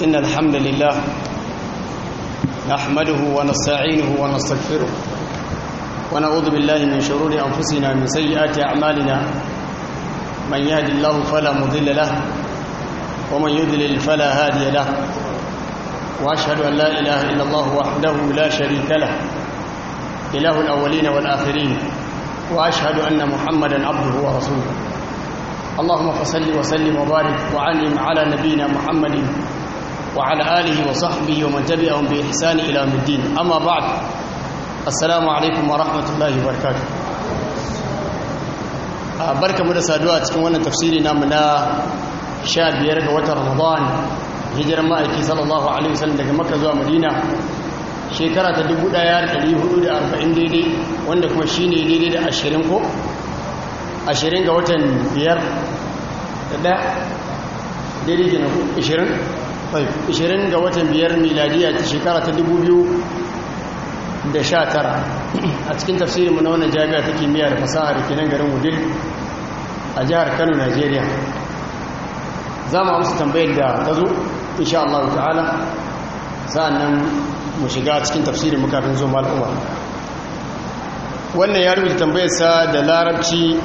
إن الحمد لله نحمده ونستعينه ونستغفره ونعوذ بالله من شرور أنفسنا من سيئات أعمالنا من يهد الله فلا مضل له ومن يذلل فلا هادي له وأشهد أن لا إله إلا الله وحده لا شريك له إله الأولين والآخرين وأشهد أن محمدا عبده ورسوله اللهم فصل وسلم وبارك وعلم على نبينا محمد وعلى آله وصحبه ومن تبعهم بإحسان إلى يوم الدين أما بعد السلام عليكم ورحمة الله وبركاته barka mu da saduwa cikin wannan tafsiri namu na 15 ga watan Ramadan hijiran ma'aiki sallallahu alaihi wasallam daga Makka zuwa Madina shekara ta 1440 daidai wanda kuma shine daidai da 20 ko 20 ga watan 5 da daidai kenan 20 ga watan biyar miladiya ta shekara ta 2019 a cikin tafsirinmu na wannan jami'a ta kimiyya da fasaha da garin wudil a jihar kano Najeriya, za mu amsa tambayar da ta zo insha Allah ta'ala sa'annan mu shiga cikin tafsirin mu kafin zo al'umma wannan ya rubuta tambayarsa da larabci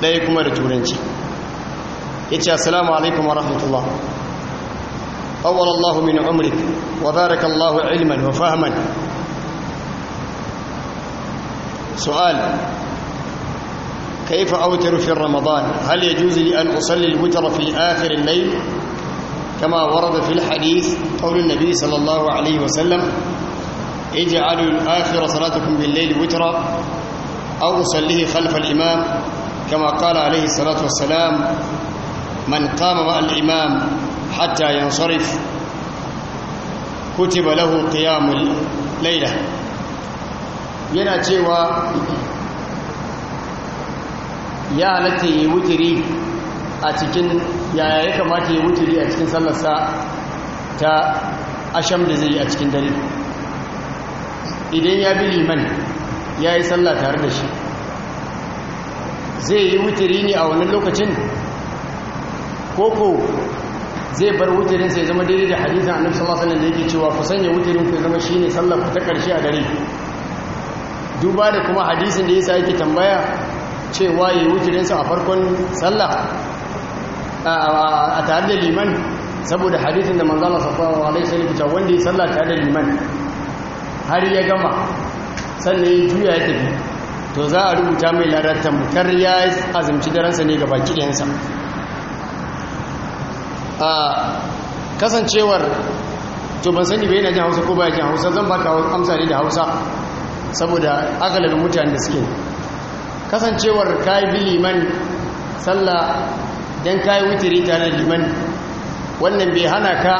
ɗaya kuma da turanci ya ce assalamu alaikum wa rahmatullah طول الله من عمرك وبارك الله علما وفهما سؤال كيف أوتر في رمضان هل يجوز لي أن أصلي الوتر في آخر الليل كما ورد في الحديث قول النبي صلى الله عليه وسلم اجعلوا آخر صلاتكم بالليل وترا أو أصليه خلف الإمام كما قال عليه الصلاة والسلام من قام مع الإمام hatta yansarif kutiba lahu qiyamul layla yana cewa ya halatta yi ya kamata yi wutiri a cikin sallarsa ta asham da zai yi a cikin dare idan ya bi liman ya yi sallah tare da shi zai yi wutiri ne a wani lokacin koko zai bar wutirin sai zama daidai da hadisin annabi sallallahu alaihi wasallam da yake cewa ku sanya wujirin ku zama shine sallar ku ta karshe a dare duba da kuma hadisin da yasa yake tambaya cewa yayi wutirin sa a farkon sallah a tare da liman saboda hadisin da manzo Allah sallallahu alaihi wasallam wanda ya sallah tare da liman har ya gama sannan ya juya ya tafi to za a rubuta mai larattan mutar ya azumci daransa ne ga baki yansa. kasancewar to ban sani bai yana jin hausa ko ba jin hausa zan baka amsa ne da hausa saboda agalabin mutane da suke kasancewar kai bi liman sallah don kai wutiri tare da liman wannan bai hana ka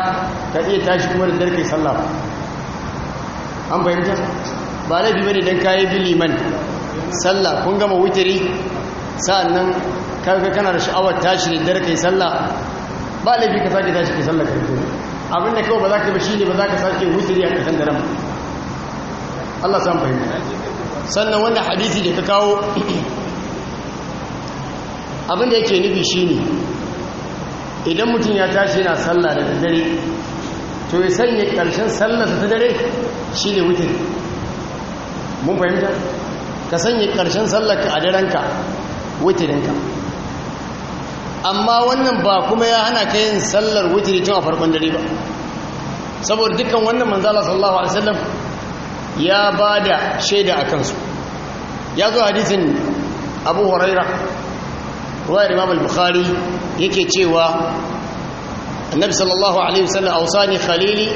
ka iya tashi kuma da darke sallah an bayyana ba laifi bane don kai bi liman sallah kun gama wutiri sa'annan kaga kana da sha'awar tashi da darke sallah ba laifi ka sake tashi ke sallar karfe abinda kawai ba za ka ba ne ba za ka sake wuzuri a ƙasan da nan Allah san fahimta sannan wanda hadisi da ka kawo abinda yake nufi shi ne idan mutum ya tashi yana sallah da dare to ya sanya ƙarshen sallarsa ta dare shi ne wutar mun fahimta ka sanya ƙarshen ka a darenka wutarinka amma wannan ba kuma ya hana ka yin sallar wutiri tun a farkon dare ba saboda dukkan wannan manzala sallallahu alaihi wasallam ya ba da shaida a kansu ya zo hadisin abu huraira ruwayar imam al-bukhari yake cewa annabi sallallahu alaihi wasallam ausani khalili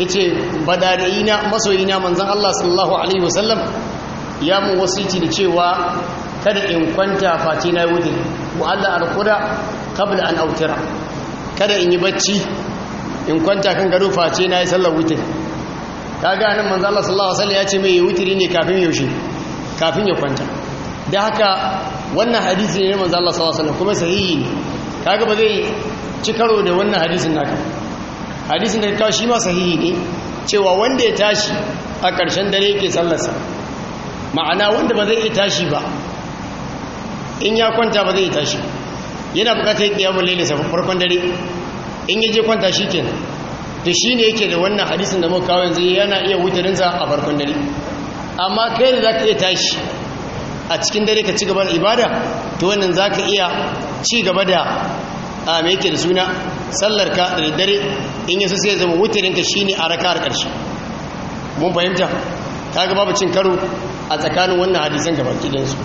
yace badariina masoyina manzon Allah sallallahu alaihi wasallam ya mu wasiti da cewa kada in kwanta fati na wuce wa Allah alqura qabla an autira kada in yi bacci in kwanta kan gado face na yi sallar wuce kaga nan manzo Allah sallallahu alaihi wasallam ya ce mai wuturi ne kafin yaushe kafin ya kwanta da haka wannan hadisi ne manzo Allah sallallahu alaihi wasallam kuma sahihi ne kaga ba zai ci karo da wannan hadisin naka hadisin da kawo shi ma sahihi ne cewa wanda ya tashi a ƙarshen dare yake sallarsa ma'ana wanda ba zai iya tashi ba in ya kwanta ba zai tashi yana bukatar kiyamun lele safin farkon dare in ya je kwanta shi ke da shi ne yake da wannan hadisun da muka kawo yanzu yana iya wutarinsa a farkon dare amma kai da za ka iya tashi a cikin dare ka ci gaba da ibada to wannan za ka iya ci gaba da a mai yake da suna sallar ka da dare in yasu sai zama wutarinka shi ne a raka a ƙarshe mun fahimta ta gaba cin karo a tsakanin wannan hadisan gaba kidansu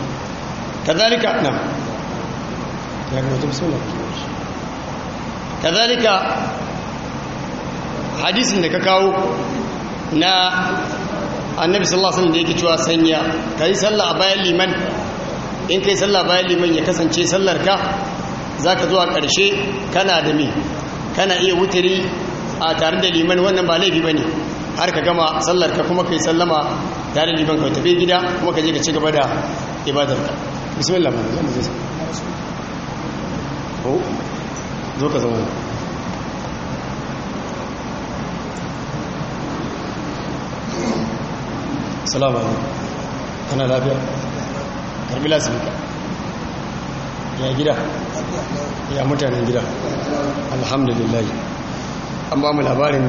كذلك نعم كذلك hadisin da ka kawo na annabi sallallahu alaihi wasallam da yake cewa sanya kai sallah a bayan liman in kai sallah bayan liman ya kasance sallar ka zaka zuwa karshe kana da me kana iya wutiri a tare da liman wannan ba laifi bane har ka gama sallar ka kuma yi sallama tare da liman ka tafi gida kuma ka je ka ci gaba da ibadarka bismillah ma zama kana lafiya karbi lasibika ya gida ya mutanen gida alhamdulillah an ba mu labarin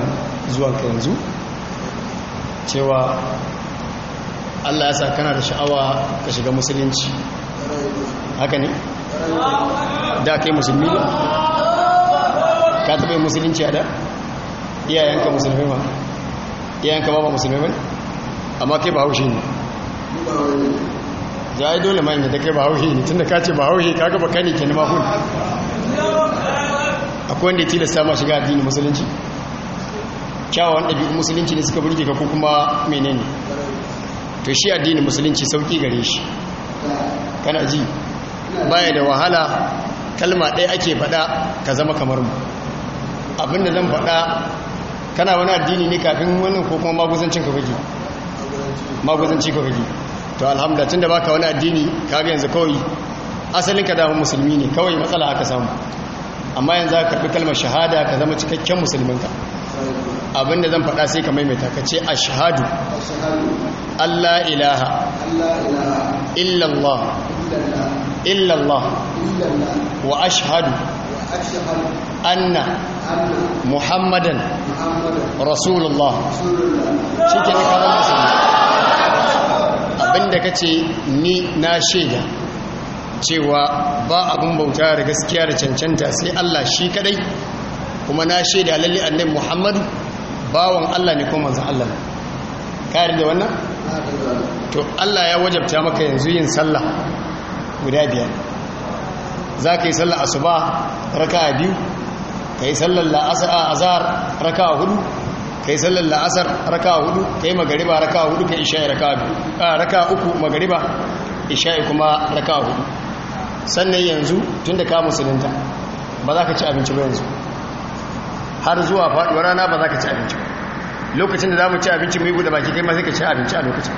zuwanka yanzu cewa allah ya sa kana da sha'awa ka shiga musulunci haka ne da kai musulmi ba ka taɓa musulunci a da iyayenka musulmi ba iyayenka ba ba musulmi ba amma kai ba haushe ne za a yi dole mai da kai ba haushe ne tun da ka ce ba haushe ka gaba kani ke nima hul akwai wanda ya tilasta ma shiga addini musulunci wanda biyu musulunci ne suka burge ka ko kuma menene to shi addini musulunci sauƙi gare shi kana ji baya da wahala kalma ɗaya ake faɗa ka zama kamar mu abinda zan faɗa kana wani addini ne kafin wani ko kuma maguzancin ka fage maguzanci ka fage to alhamdulillah tunda baka wani addini ka ga yanzu kawai asalin ka dawo musulmi ne kawai matsala aka samu amma yanzu ka karbi kalmar shahada ka zama cikakken musulmin ka abinda zan faɗa sai ka maimaita ka ce ashhadu Allah ilaha illallah إلا الله وأشهد أن محمدا رسول الله شكرا كما مسلم abinda kace ni na shaida cewa ba abin bauta da gaskiya da cancanta sai Allah shi kadai kuma na shaida lalle annabi Muhammad bawan Allah ne ko manzon Allah ka yarda wannan to Allah ya wajabta maka yanzu yin sallah guda biyar za ka yi sallar asuba raka a biyu ka yi sallar la'asar a azar raka a hudu ka yi sallar la'asar raka a hudu ka yi magariba raka a hudu ka isha'i raka a biyu a raka uku magariba isha'i kuma raka a hudu sannan yanzu tun da ka musulunta ba za ka ci abinci ba yanzu har zuwa faɗuwa rana ba za ka ci abinci ba lokacin da za mu ci abinci mai buɗe baki kai ma sai ka ci abinci a lokacin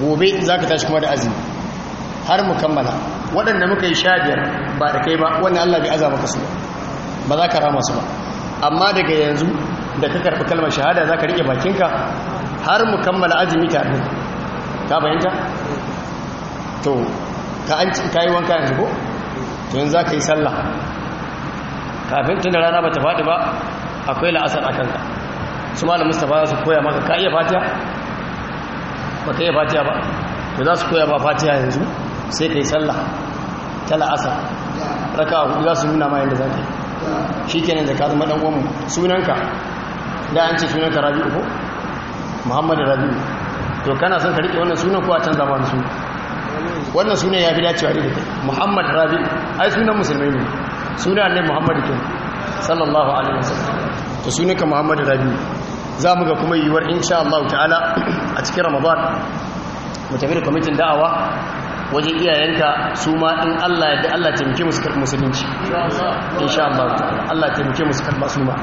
gobe za ka tashi kuma da azumi har mu kammala waɗanda muka yi sha biyar ba da kai ba wani Allah bai azaba ka su ba za ka rama su ba amma daga yanzu da ka karɓi kalmar shahada za ka riƙe bakinka har mu kammala azumi tare ka bayanta to ka an yi wanka yanzu ko to yanzu za ka yi sallah kafin tun da rana ba ta faɗi ba akwai la'asar a kanka su ma da mustapha su koya maka ka iya fatiya ba ka iya fatiya ba to za su koya ba fatiya yanzu sai ka yi sallah ta la'asar raka hudu za su nuna ma yadda za ka yi shi kenan da ka zama ɗan sunanka da an ce sunanka rabi'u ko muhammadu rabi'u to kana son ka riƙe wannan sunan ko a canza ma wani wannan sunan ya fi dacewa ne da kai muhammad rabi'u ai sunan musulmai ne sunan ne muhammadu ke sallallahu alaihi wasallam to sunanka muhammadu rabi'u za mu ga kuma yiwuwar insha Allah ta'ala a cikin ramadan mu tafi da kwamitin da'awa wajen iyayenka su ma in Allah ya Allah taimake musu karɓi musulunci insha Allah Allah taimake musu karɓa su ma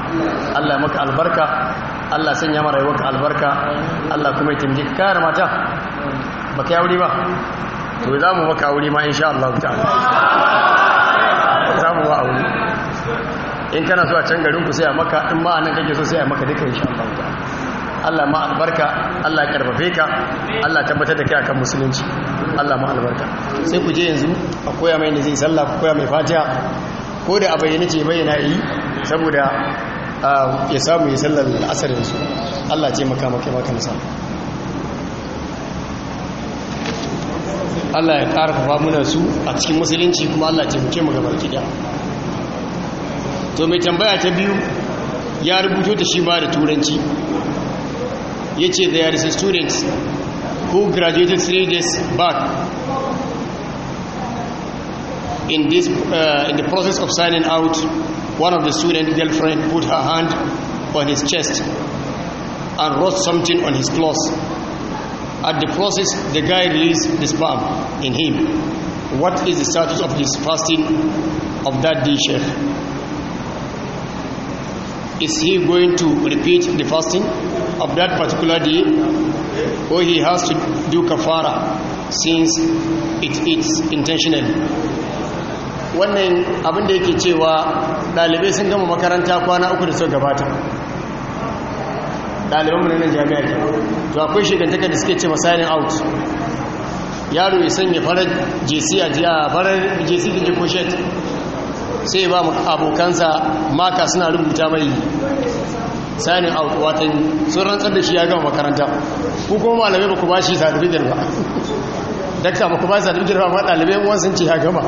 Allah maka albarka Allah sanya mara yi waka albarka Allah kuma ya taimake ka kare mata ba ka yawuri ba to za mu maka wuri ma insha Allah ta'ala za mu ba wuri in kana zuwa can garin ku sai a maka in ma anan kake so sai a maka duka insha Allah Allah ma albarka Allah ya karfafe ka Allah tabbatar da kai akan musulunci Allah ma albarka sai ku je yanzu a koya mai da zai sallah ku koya mai fatiha ko da a bayyana ce bayyana yi saboda ya samu ya sallar asar yanzu Allah ce maka maka maka nasa Allah ya karfafa muna su a cikin musulunci kuma Allah ce muke maka barki da to mai tambaya ta biyu ya rubuto ta shi ba da turanci ya da they are students who graduated three days back in this uh, in the process of signing out one of the student girlfriend put her hand on his chest and wrote something on his clothes at the process the guy released the sperm in him what is the status of this fasting of that day chef is he going to repeat the fasting of that particular day or he has to do kafara since it is intentional wannan abin da yake cewa ɗalibai sun gama makaranta kwana uku da suka gabata mu ne nan jami'a ke to akwai shekantaka da suke ce masalin out yaro ya sanya farar jesi a jiya farar jesi da jikoshet sai ba abokansa maka suna rubuta mai Sani a watan sun rantsar da shi ya gama makaranta ku kuma malamai ba ku ba shi certificate ba dakta ba ku ba certificate ba ma ɗalibai wani sun ce ya gama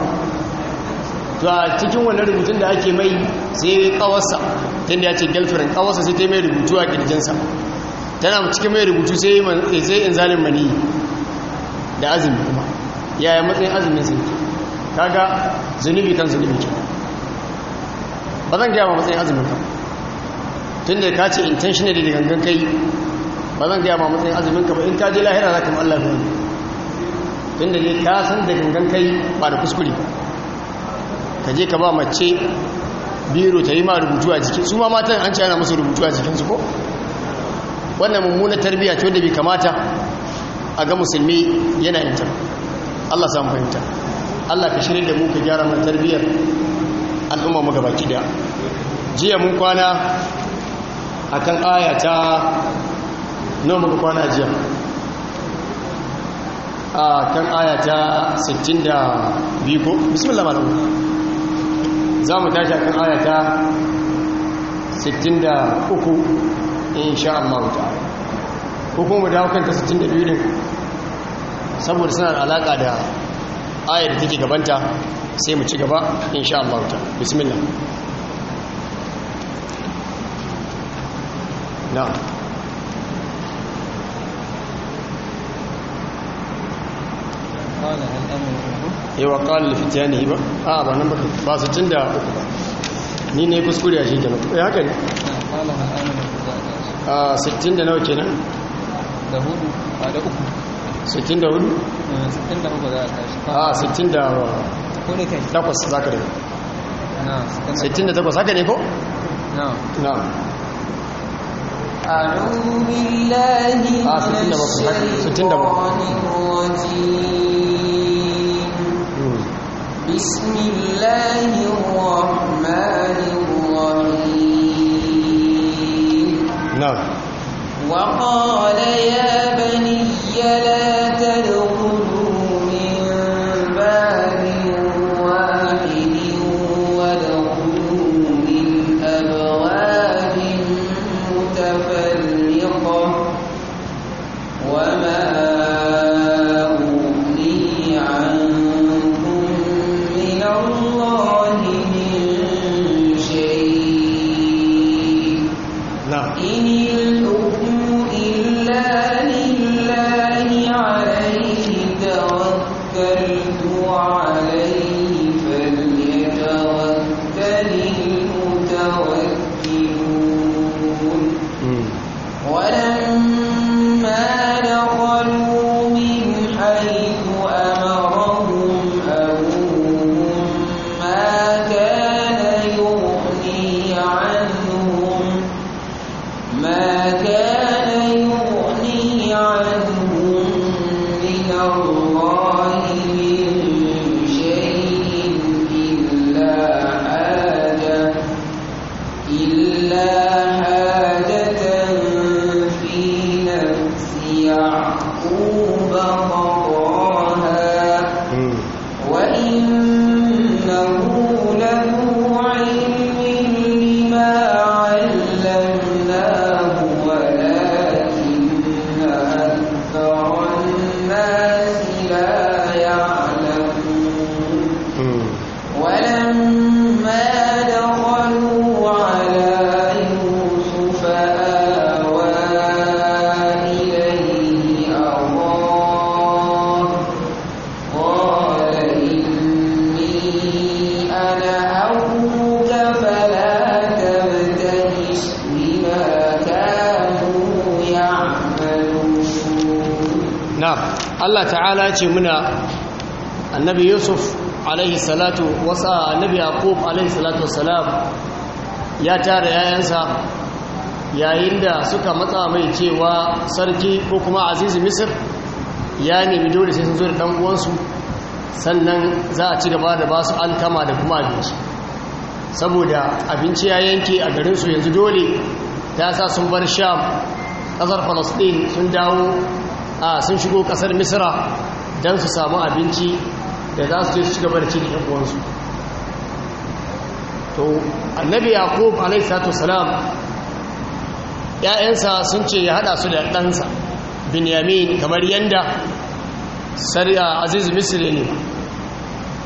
to a cikin wani rubutun da ake mai sai kawarsa tun da ya ce girlfriend kawarsa sai ta yi mai rubutu a kirjinsa tana cikin mai rubutu sai eh, in zalin mani da azumi kuma yaya matsayin azumin sai kaga zunubi kan zunubi ke ba zan gaya ma matsayin azumin kan tun da ka ce intentionally da gangan kai ba zan gaya ba matsayin azumin ka ba in ka je lahira za ka ma Allah ya tun da ne ka san da gangan kai ba da kuskure ka je ka ba mace biro ta yi ma rubutu a jiki su ma matan an ci ana musu rubutu a jikinsu ko wannan mummunar tarbiyya ce wanda bai kamata a ga musulmi yana yin Allah Allah samu fahimta Allah ka shirin da mu ka gyara mana tarbiyyar al'umma mu gaba kida jiya mun kwana A aya ta nawa muka kwana jiya a kan aya ta 62 ko bismillah malamu za mu tashi akan aya ta 63 insha Allah ta'ala ko kuma mu dawo 62 ne? saboda suna da alaka da ayar da take gabanta sai mu ci gaba insha Allah ta'ala bismillah نعم yi wa fitiyani ba a ba nan ba su tun da uku ba ni ne kuskure a shi kenan ya eh, haka a da nawa kenan da hudu ba da uku sittin da hudu? Eh, sittin da uku za a tashi a da takwas za ka da takwas ne ko? na أعوذ بالله من الشيطان الرجيم بسم الله الرحمن الرحيم نعم وقال يا بني لا مَعْقُوبًا ta'ala ce muna annabi yusuf alaihi salatu wasa annabi yaqub alaihi salatu wassalam ya tara yayansa yayin da suka matsa mai cewa sarki ko kuma azizi misir ya nemi dole sai sun zo da dan uwansu sannan za a ci gaba da ba su alkama da kuma abinci saboda abinci ya yanke a garin su yanzu dole ta sa sun bar sham ƙasar falasɗin sun dawo a sun shigo kasar misira don su samu abinci da za su je su gaba da cikin yankuwansu to annabi yaqub alaihissalatu salam ya'yansa sun ce ya haɗa su da ɗansa binyamin kamar yanda sariya aziz misri ne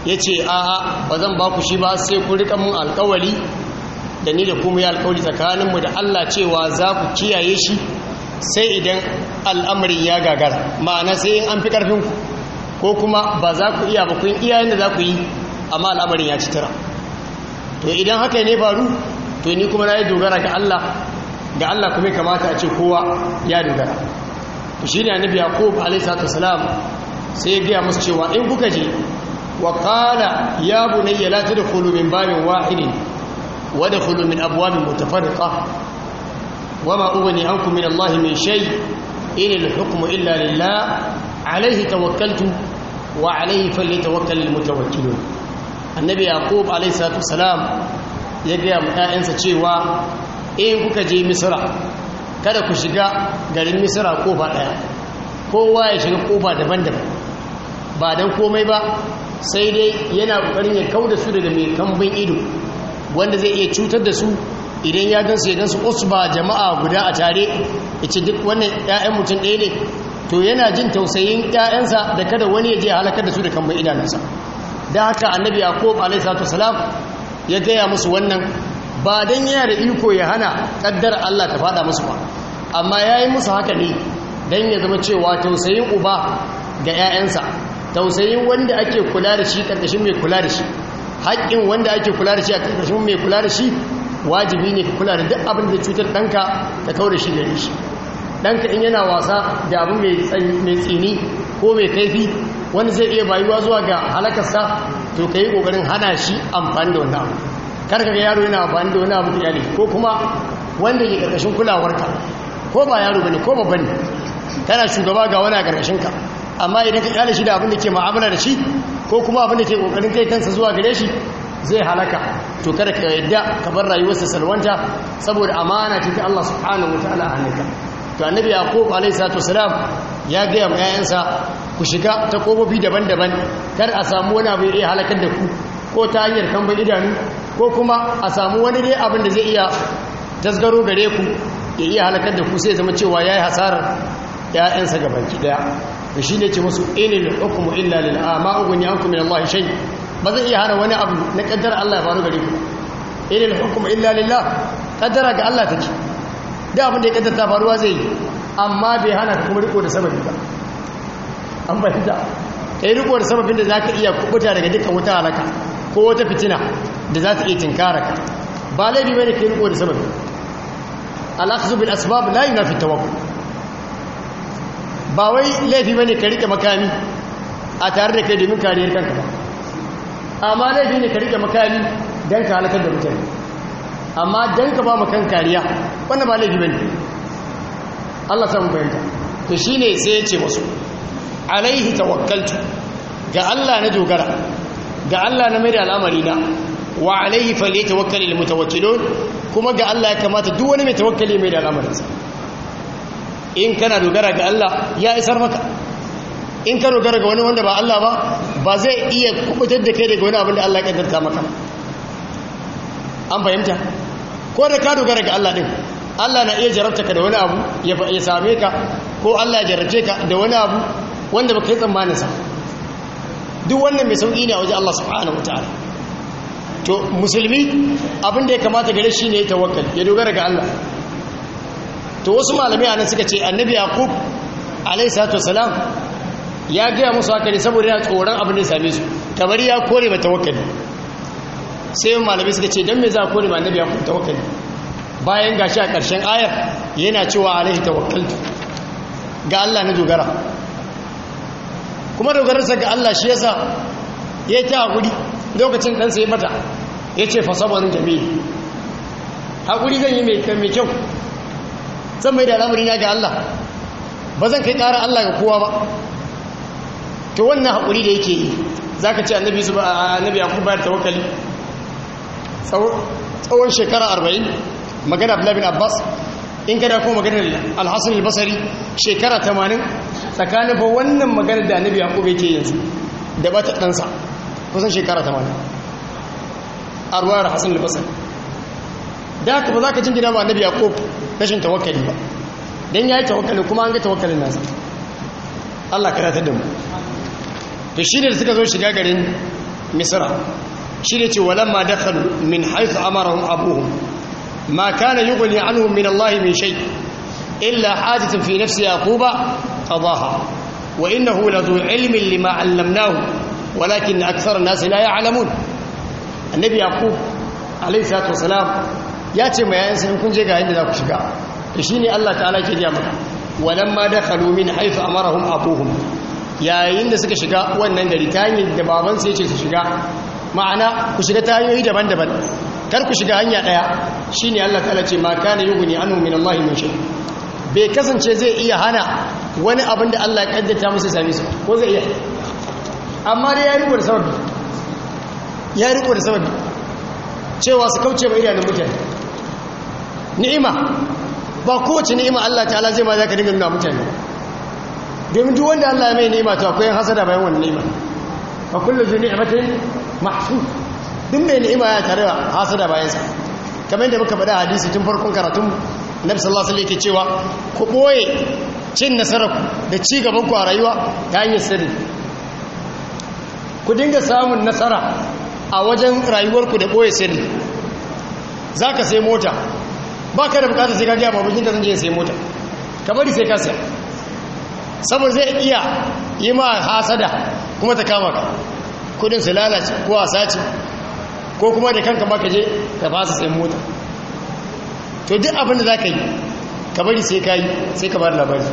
ya ce a'a ba zan ba ku shi ba sai ku riƙa mun alƙawari da ni da kuma ya alƙawari tsakaninmu da allah cewa za ku kiyaye shi sai idan al'amari ya gagara ma'ana sai in an fi ƙarfinku ko kuma ba za ku iya ba kun iya yadda za ku yi amma al'amarin ya ci tara to idan haka ne faru to ni kuma na yi dogara ga Allah ga Allah kuma kamata a ce kowa ya dogara to shi ne annabi yaqub alayhi salatu sai ya gaya musu cewa in kuka je wa qala ya bunayya la tadkhulu min babin wahidin wa dakhulu min abwabin mutafarriqah وما أغني عنكم من الله من شيء إن الحكم إلا لله عليه توكلت وعليه فليتوكل المتوكلون annabi yaqub alayhi salatu wasalam ya ga mutayansa cewa in eh, kuka je misra kada ku shiga garin misra kofa ɗaya, kowa ya shiga kofa daban-daban ba dan komai ba sai dai yana ƙoƙarin ya kauda su daga mai kambin ido wanda zai iya cutar da su idan ya gansu su gansu usba jama'a guda a tare ce duk wannan 'ya'yan mutum ɗaya ne to yana jin tausayin 'ya'yansa da kada wani ya je halakar da su da kamar idanunsa da haka annabi yaqub alaihi salatu salam ya gaya musu wannan ba dan yana da iko ya hana kaddar Allah ta faɗa musu ba amma ya yi musu haka ne dan ya zama cewa tausayin uba ga 'ya'yansa. tausayin wanda ake kula da shi ƙarƙashin mai kula da shi haƙƙin wanda ake kula da shi a karkashin mai kula da shi wajibi ne ka kula da duk abin da cutar ɗanka ta kawo da shi gare shi ɗanka in yana wasa da abu mai tsini ko mai kaifi wani zai iya bayuwa zuwa ga halakarsa to ka yi ƙoƙarin hana shi amfani da wani abu kar ka ga yaro yana amfani da wani abu iyali ko kuma wanda ke ƙarƙashin kulawarka ko ba yaro bane ko babban ne kana shugaba ga wani a ƙarƙashin ka amma idan ka kyale shi da abin da ke ma'amala da shi ko kuma abin da ke ƙoƙarin kai kansa zuwa gare shi zai halaka to kada ka yadda ka bar rayuwarsa salwanta saboda amana ce ta Allah subhanahu wataala a hannunka to annabi yaqub alayhi salatu wasalam ya ga yayansa ku shiga ta kofofi daban-daban kar a samu wani abu ya halakar da ku ko ta hanyar kambar idanu ko kuma a samu wani dai abin da zai iya tasgaro gare ku ya iya halakar da ku sai zama cewa yi hasarar ya'yansa gabaki daya shi ne ce musu inil hukmu illa lil amma ughni ankum min Allah shay ba zai iya hana wani abu na kaddara Allah ya faru gare ku ilil hukum illa lillah kaddara ga Allah take da abin da ya kaddara faruwa zai yi amma bai hana ka kuma riko da sababi ba an fahimta kai riko da sababin da zaka iya kubuta daga dukkan wata halaka ko wata fitina da za ta iya tinkara ka ba laifi bane kai riko da sababi al-akhdhu bil asbab la yunafi tawakkul ba wai laifi bane ka rike makami a tare da kai domin kariyar kanka ba amma laifi ne ka rike makami don ka halakar da mutane amma don ka ba makan kariya wanda ba laifi bane Allah samu bayanta to ne sai ya ce wasu alaihi tawakkaltu ga Allah na dogara ga Allah na mai da al'amari na wa alaihi wakali lil mutawakkilun kuma ga Allah ya kamata duk wani mai tawakkali mai da al'amarinsa in kana dogara ga Allah ya isar maka in ka dogara ga wani wanda ba Allah ba ba zai iya kubutar da kai daga wani abin da Allah ya kaddarta maka an fahimta ko da ka dogara ga Allah din Allah na iya jarabta ka da wani abu ya same ka ko Allah ya jarabce ka da wani abu wanda baka yi tsammanin sa duk wannan mai sauki ne a wajen Allah subhanahu wataala to musulmi abin da ya kamata gare shi ne ya tawakkal ya dogara ga Allah to wasu malamai nan suka ce annabi yaqub alaihi salatu wasalam ya gaya musu haka ne saboda yana tsoron abin da same su tabari ya kore mai tawakkali sai malabi suka ce don me za a kore mai na ya kuma tawakkali bayan gashi a ƙarshen ayar yana cewa alaihi tawakkaltu ga Allah na dogara kuma dogararsa ga Allah shi yasa ya ta guri lokacin dan sai mata ya ce fasabarin jami'i haƙuri zan yi mai kyau zan mai da na ga Allah ba zan kai ƙara Allah ga kowa ba to wannan haƙuri da yake yi za ka ce annabi su annabi a kuma bayar tawakali tsawon shekara arba'in magana abu bin abbas in kada kuma maganar alhassan albasari shekara tamanin tsakanin ba wannan maganar da annabi kuma yake yanzu da bata ɗansa kusan shekara tamanin a hassan albasari da haka ba za ka jingina ba annabi kuma rashin tawakali ba don ya yi tawakali kuma an ga tawakalin nasa Allah karatar da mu to shi ne da suka zo shiga garin misira shi ne ce walamma dakhalu min haythu amarahum abuhum ma kana yughni anhum min Allah min shay illa hajatun fi nafsi yaquba qadaha wa innahu ladhu ilmin lima 'allamnahu walakin akthar an-nas la ya'lamun annabi yaqub alayhi salatu wasalam ya ce ma yayin sai kun je ga inda za ku shiga to ne Allah ta'ala ke riya maka walamma dakhalu min haythu amarahum abuhum yayin da suka shiga wannan gari ta hanyar da baban sai ce su shiga ma'ana ku shiga ta hanyoyi daban-daban kar ku shiga hanya ɗaya shi ne allah ta'ala ce ma kana yi guni anu min allahi min shi bai kasance zai iya hana wani abin da allah ya kaddata musu sami su ko zai iya amma dai ya riko da sababi ya riko da sababi cewa su kauce mai idanun mutane ni'ima ba kowace ni'ima allah ta'ala zai ma za ka dinga nuna mutane domin duk wanda Allah ya mai nema to akwai hasada bayan wannan nema fa kullu zu ni'matin mahsud duk mai nema ya tare hasada bayan sa kamar yadda muka faɗa hadisi tun farkon karatun Nabi sallallahu alaihi wasallam cewa ku boye cin nasarar da ci gaban ku a rayuwa ta hanyar sirri ku dinga samun nasara a wajen rayuwarku da ɓoye sirri za ka sai mota ba ka da bukatar sai ka gaya babu jinta zan je sai mota ka bari sai ka siya saboda zai iya yi ma hasada kuma ta kama ka kudin su lalace ko a sace ko kuma da kanka baka je ka fasa sai mota to duk abin da za ka yi ka bari sai ka yi sai ka bari labari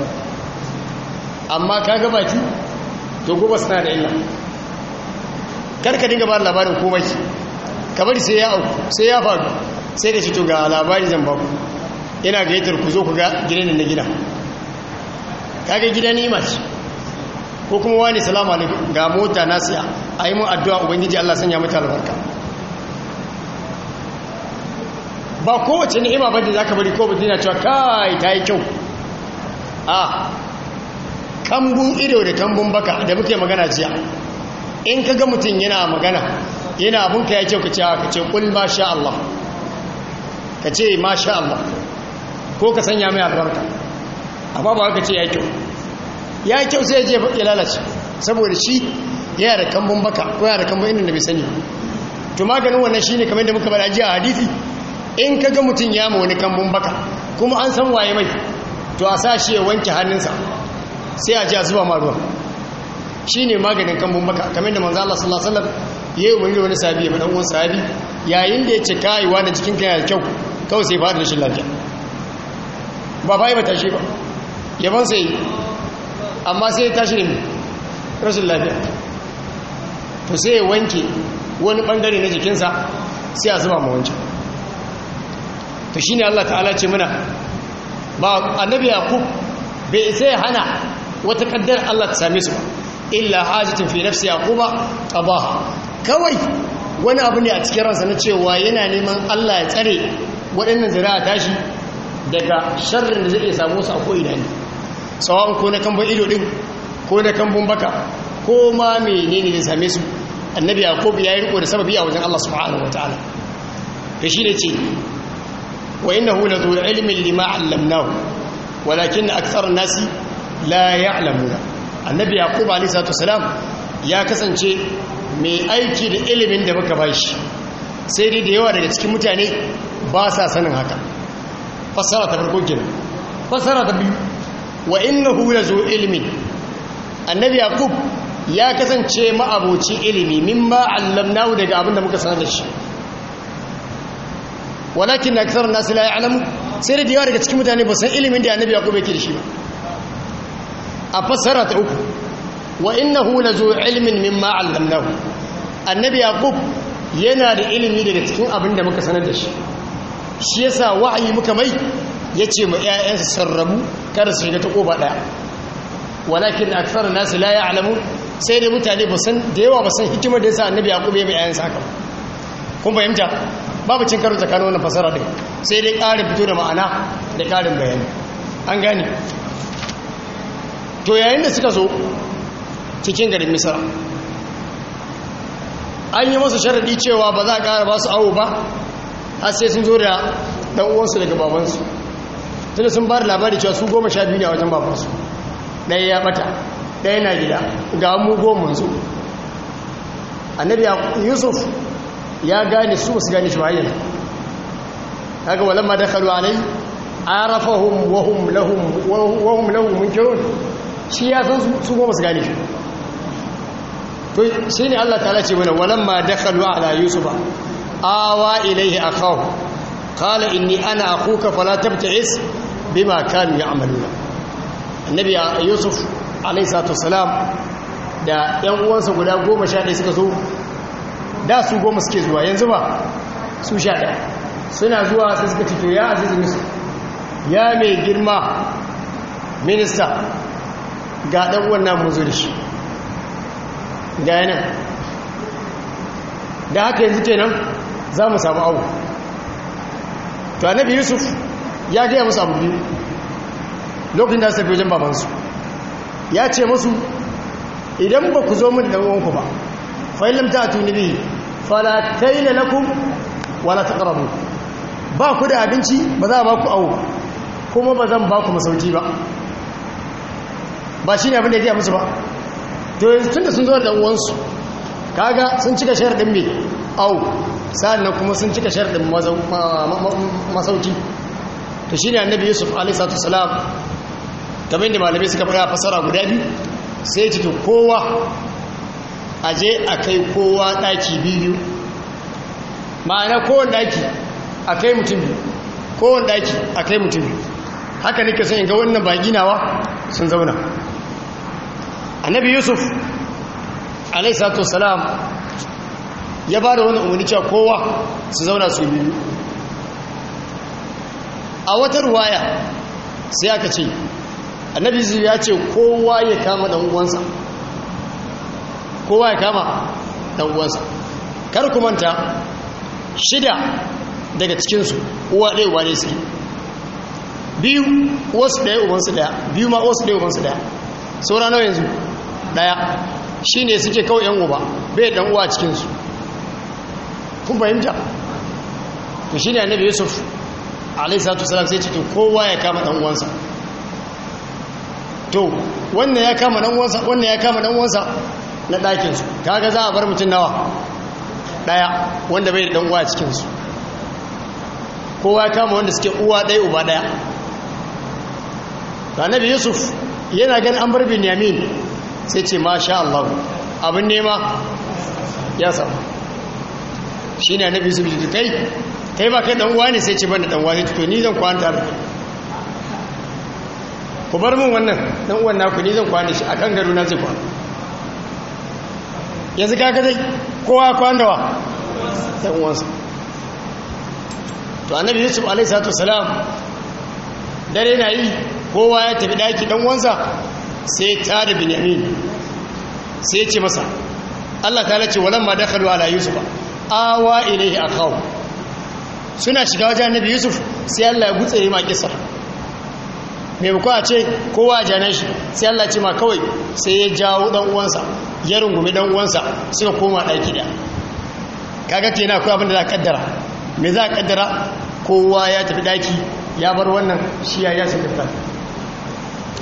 amma ka ga baki to gobe suna da illa karka dinga bari labarin komai ka bari sai ya auku sai ya faru sai ka ci to ga labari zan baku ina gayyatar ku zo ku ga gidan na gina. kage gidan ni'ima ko kuma wani salamu alaikum ga mota nasiya a yi addu'a ubangiji Allah sanya mata albarka ba kowace ni'ima ba da za ka bari ko bude yana cewa kai ta yi kyau a kambun ido da kambun baka da muke magana jiya in ka ga mutum yana magana yana abinka ya kyau ka ce ka ce kul masha Allah ka ce masha Allah ko ka sanya mai albarka amma ba aka ce ya kyau ya kyau sai ya je ya lalace saboda shi ya da kambun baka ko ya da kambun inda bai sani to maganin wannan shine kamar da muka bada ji a hadisi in ka ga mutum ya ma wani kambun baka kuma an san waye mai to a sa shi ya wanke hannunsa sai a ji a zuba maruwa shine maganin kambun baka kamar da manzo Allah sallallahu alaihi wasallam yayi wani wani sahabi ya fadan uwan sahabi yayin da ya ce kaiwa da cikin kai kyau kawai sai fada shi lafiya ba fa yi ba ba yaban sai amma sai ya tashi ne rashin lafiya to sai ya wanke wani bangare na jikinsa sai a zuba ma wancan to shine Allah ta'ala ce muna ba annabi yakub bai sai hana wata ƙaddar Allah ta same su ba illa hajatin fi nafsi yaquba qabaha kawai wani abu ne a cikin ransa na cewa yana neman Allah ya tsare waɗannan zira'a tashi daga sharrin da zai iya samu su a ko'ina ne tsawon ko na kambun ido din ko na kambun baka ko ma ne da same su annabi yaqub ya yi riko da sababi a wajen Allah subhanahu wataala shi ne ce wa ina hula zuwa ilimin lima allamnahu walakin aksar nasi la ya alamuna annabi yaqub alayhi salatu Salam ya kasance mai aiki da ilimin da muka bashi sai dai da yawa daga cikin mutane ba sa sanin haka fassara ta farko gina fassara ta biyu wa innahu yazu ilmi annabi yaqub ya kasance ma'aboci ilimi mimma allamnahu daga abin da muka sanar da shi walakin aksar nasu la ya'lamu sai da yawa daga cikin mutane ba san ilimin da annabi yaqub yake da shi ba a fassara ta uku wa innahu lazu ilmin mimma allamnahu annabi yaqub yana da ilimi daga cikin abin da muka sanar da shi shi yasa wa'ayi muka mai ya ce ma 'ya'yansa sarrabu kada su shiga ta ƙoba ɗaya walakin aksar nasu la alamu sai dai mutane ba san da yawa ba san hikimar da sa annabi yaqub ya mai 'ya'yansa haka kun fahimta babu cin karo tsakanin wannan fasara ɗin sai dai ƙarin fito da ma'ana da ƙarin bayani an gane to yayin da suka zo cikin garin misra an yi masa sharaɗi cewa ba za a ƙara ba su awo ba har sai sun zo da ɗan uwansu daga babansu tunda sun bar labari cewa su goma sha biyu ne a wajen babansu ɗaya ya ɓata ɗaya na gida ga mu goma su annabi yusuf ya gane su su gane shi ba yanzu kaga ma dakhalu alai arafahum wa hum lahum wa hum lahum munkirun shi ya san su goma su gane shi to shi ne Allah ta'ala ce mana walamma dakhalu ala yusufa awa ilayhi akahu qala inni ana akhuka fala tabta'is bima kanu يعملون النبي yusuf عليه الصلاه والسلام da yan uwansa guda goma suka zo da su goma suke zuwa yanzu ba su sha da suna zuwa sai suka fito ya aziz musu. ya mai girma minista ga ɗan wannan mun zo da shi ga yana da haka yanzu kenan za mu samu abu to annabi yusuf ya gaya musu abu biyu lokacin da su tafi wajen babansu ya ce musu idan ba ku zo mini da uwanku ba fa'ilim ta tuni bihi fala na lakun wala taqrabu ba ku da abinci ba za a ba ku awo kuma ba zan ba ku masauki ba ba shi ne abin da ya gaya musu ba to yanzu tun da sun zo da uwansu kaga sun cika sharaɗin mai awu sa'an kuma sun cika sharaɗin masauki to ne annabi yusuf alaihi salam kamar da malamai suka fara fasara guda biyu sai ya cikin kowa a je a kai kowa daki biyu ma'ana kowane daki a kai mutum biyu kowane daki a kai mutum biyu haka nake son ga wannan ba ginawa sun zauna annabi yusuf alaihissalatu ya ba da wani umarni cewa kowa su zauna su biyu a wata ruwaya sai aka ce annabi zai ya ce kowa ya kama dan uwansa kowa ya kama dan uwansa kar ku manta shida daga cikinsu uwa ɗaya uwa ne suke biyu wasu ɗaya ubansu ɗaya biyu ma wasu ɗaya ubansu ɗaya saura nawa yanzu ɗaya shi ne suke kawai yan uba bai ɗan uwa cikinsu kun fahimta to shi ne annabi yusuf alaihi salatu wasalam sai ce to kowa ya kama dan uwansa to wannan ya kama dan uwansa wannan ya kama dan uwansa na dakin su kaga za a bar mutum nawa daya wanda bai da dan uwa cikin su kowa ya kama wanda suke uwa ɗaya uba ɗaya annabi yusuf yana ganin an bar binyamin sai ce masha Allah abin nema ya samu shi ne annabi yusuf da kai kai ba kai dan ne sai ce bani dan uwa sai to ni zan kwana da ku bar min wannan dan na ku ni zan kwana shi a kan gado na zai kwanta yanzu kaka dai kowa kwanta wa dan uwansa to annabi yusuf alaihi salatu salam dare na yi kowa ya tafi daki dan uwansa sai ta da binyamin sai ce masa Allah ta lace walamma dakhalu ala yusufa awa a kawo. suna shiga wajen annabi yusuf sai allah ya gutsere ma kisar mai bako a ce kowa a janar shi sai allah ce ma kawai sai ya jawo dan uwansa ya rungumi dan uwansa suka koma ɗaki da kaga yana na abin da za a kaddara me za a kaddara kowa ya tafi daki ya bar wannan shi ya yasa tafi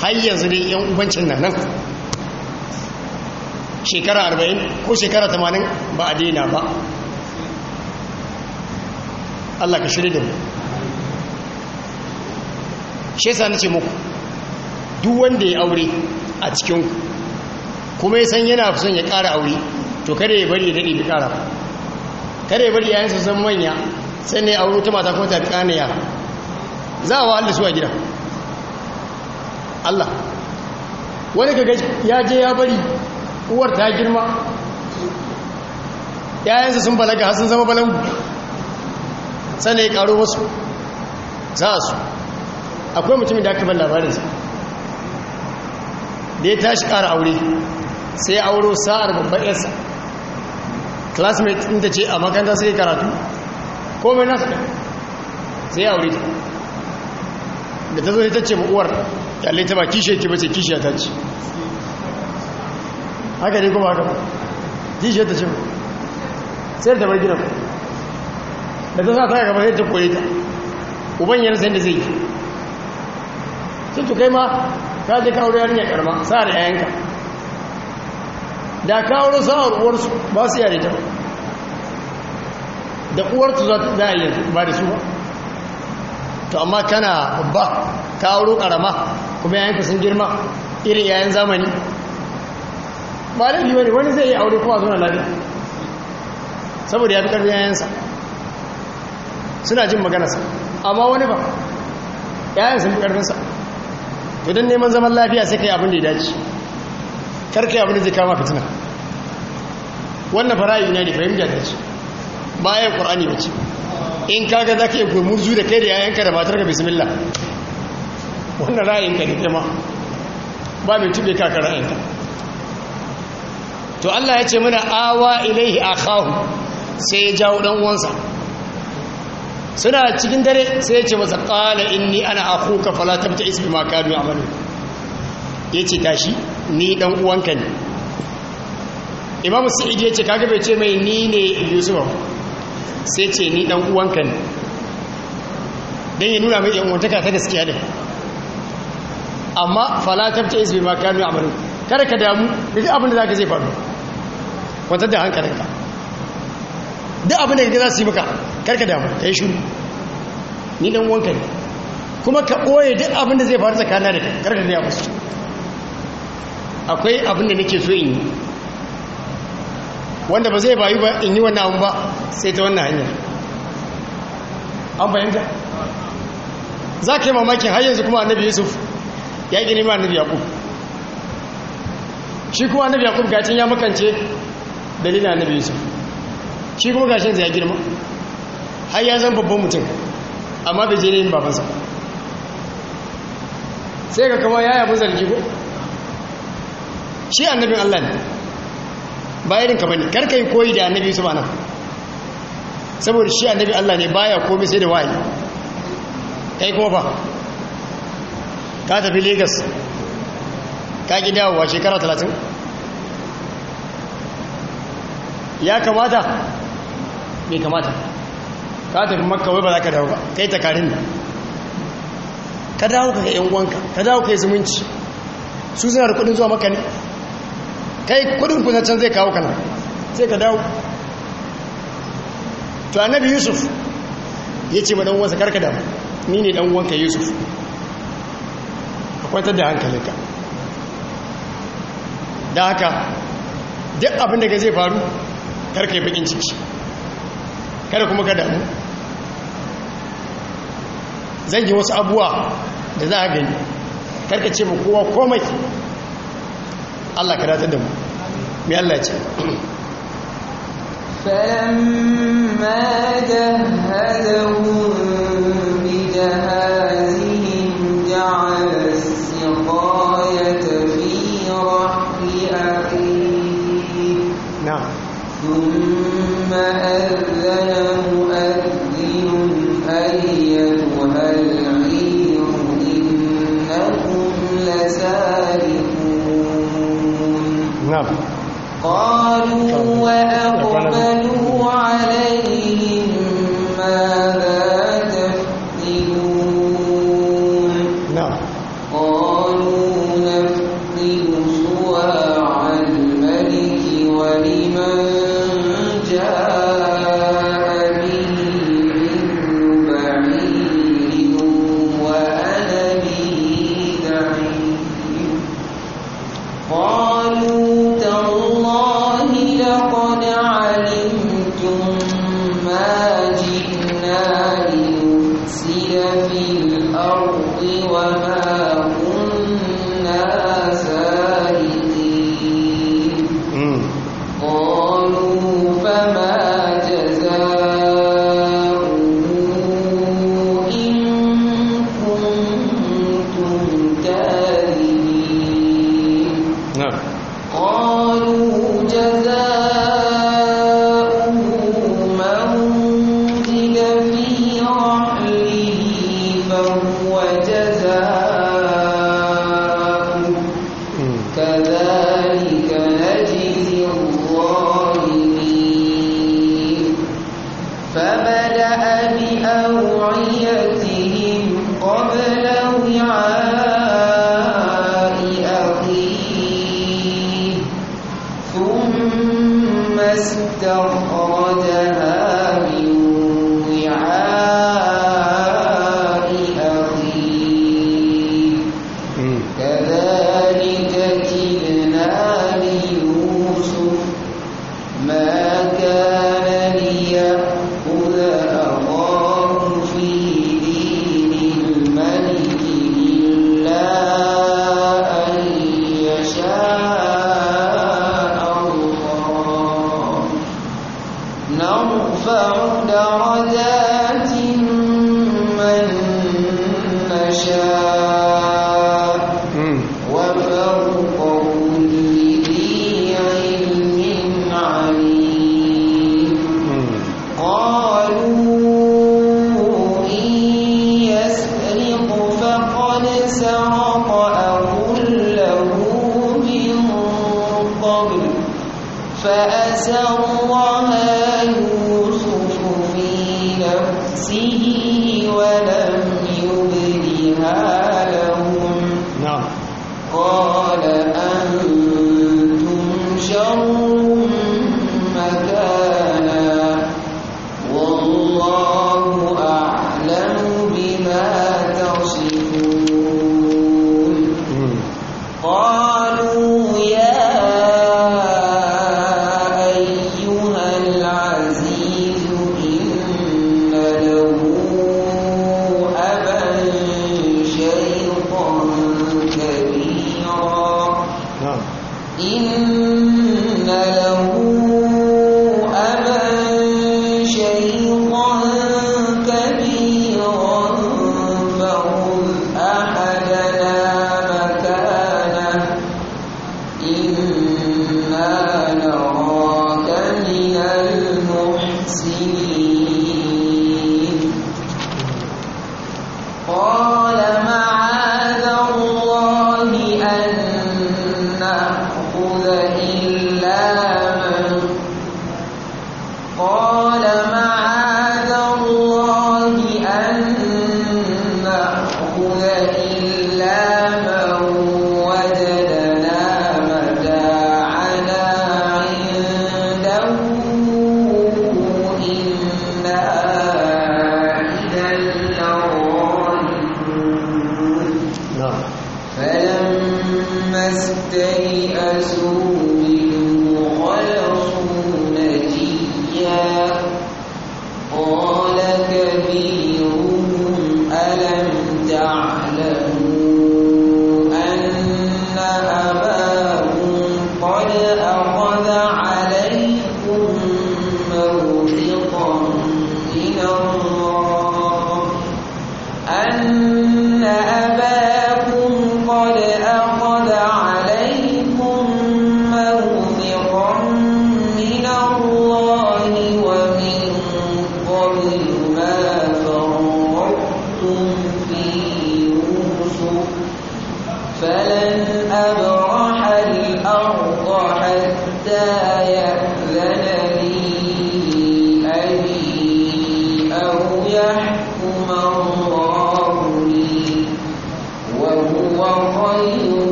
har yanzu ne yan ubancin nan nan shekara 40 ko shekara 80 ba a daina ba Allah ka shirya da mu shi yasa nace muku duk wanda ya aure a cikin ku kuma ya san yana son ya ƙara aure to kada ya bari ya dade bi ƙara kada ya bari yayin sa san manya sai ne aure ta mata kuma ta ƙana yara za a wa Allah su a gida Allah wani kaga ya je ya bari uwar ta girma yayansa sun balaga sun zama balangu Sani ya karo wasu za su akwai mutumin da aka ban labarinsa da ya tashi kara aure sai auro sa'ar babban yarsa classmate inda ce a makanta sai karatu komai nasu ɗan sai aure ta da ta zai ta ce ma'uwar kyalle ta ba kishe ki bace kishe ta ce haka ne kuma haka kishe ta ce sai da bar ku. da ta sa ta yi kamar ta koye ta uban yana sai da zai yi sun tukai kai ma ta je kawo yarinya karma sa da yayanka da kawo uwar uwarsu ba su yare ta da uwarsu za ta yi yanzu ba da su ba to amma kana babba kawo karama kuma yayanka sun girma irin yayan zamani ba laifi wani wani zai yi aure kuma zuwa lafiya saboda ya fi karfi yayansa suna jin maganarsa amma wani ba yayan sun fi ƙarfinsa idan neman zaman lafiya sai ka yi abin da ya dace karka yi abin da zai kama fitina wannan fara'i ne da fahimta ta ce ba ya ƙorani ba ce in kaga za ka yi murzu da kai da yayanka da matar ka bismillah wannan ra'ayinka ne ma ba mai tube kaka ra'ayinka to Allah ya ce mana awa ilaihi akahu sai ya jawo dan uwansa suna cikin dare sai ya ce masa in inni ana akhuka fala tabta'is bima kanu ya ce tashi ni dan uwanka ne imamu sa'id ce kaga bai ce mai ni ne yusuf sai ce ni dan uwanka ne dan ya nuna mai yan uwantaka ta gaskiya ne amma fala isbi ma kanu ya'malun kada ka damu duk abin da ka zai faru wata da hankalinka duk abin da za su yi maka karka damu ta yi shuru ni dan wanka ne kuma ka ɓoye duk abin da zai faru tsakanin da karka da gaya musu akwai abin da nake so in yi wanda ba zai bayu ba in yi wannan abin ba sai ta wannan hanyar an bayanta za ka yi mamakin har yanzu kuma annabi yusuf ya yi neman annabi yaƙub shi kuma annabi yaƙub gacin ya makance dalilin annabi yusuf shi kuma gashin zai ya girma har ya zan babban mutum amma bai je ne yin babansa sai ga kama ya yabi zargi ko shi annabin Allah ne bayanin irin ka bane karka yi koyi da annabi su ba nan saboda shi annabi Allah ne baya komai sai da wahayi kai kuma ba ka tafi Lagos ka ki dawowa shekara 30 ya kamata mai kamata ka tafi makka wai ba za ka dawo ba kai ta karin ka dawo ka ga yan uwanka ka dawo ka yi zumunci su suna da kudin zuwa maka ne kai kudin ku can zai kawo kana sai ka dawo to annabi yusuf ya ce ma dan uwansa karka damu ni ne dan uwanka yusuf ka kwantar da hankalinka da haka duk abin da zai faru karka yi bakin ciki kada kuma ka damu zan yi wasu abuwa da za a gani karka ce mu kowa komai Allah ka datar da mu mai Allah ce فَلَمَّا جَهَّزَهُم بِجَهَازِهِمْ جَعَلَ السِّقَايَةَ فِي رَحْلِ أَخِيهِ نعم ثُمَّ أَذَّنَ مُؤَذِّنٌ أَيَّتُهَا نعم قالوا نعم. وأقبلوا عليهم ماذا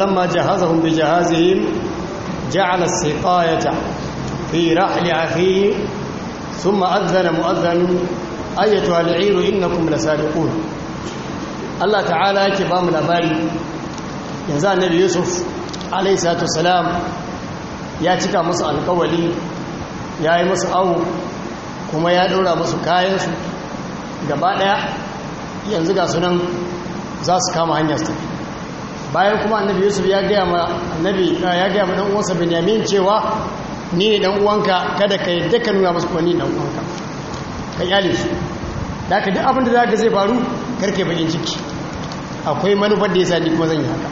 فلما جهزهم بجهازهم جعل السقاية في رحل أخيه ثم أذن مؤذن أيتها العير إنكم لسارقون Allah ta'ala yake ba mu labari yanzu annabi Yusuf alayhi ya cika musu alƙawali ya yi musu awu kuma ya kayansu gaba ɗaya yanzu ga sunan za su kama hanyar tafi bayan kuma annabi yusuf ya gaya ma annabi eh, ya gaya ma dan uwansa benyamin cewa ni ne dan uwanka kada ka yadda ka nuna musu kuma ni dan uwanka ka yi su da ka duk abin da za ka zai faru karke bakin ciki akwai manufar da ya sani kuma zan yi haka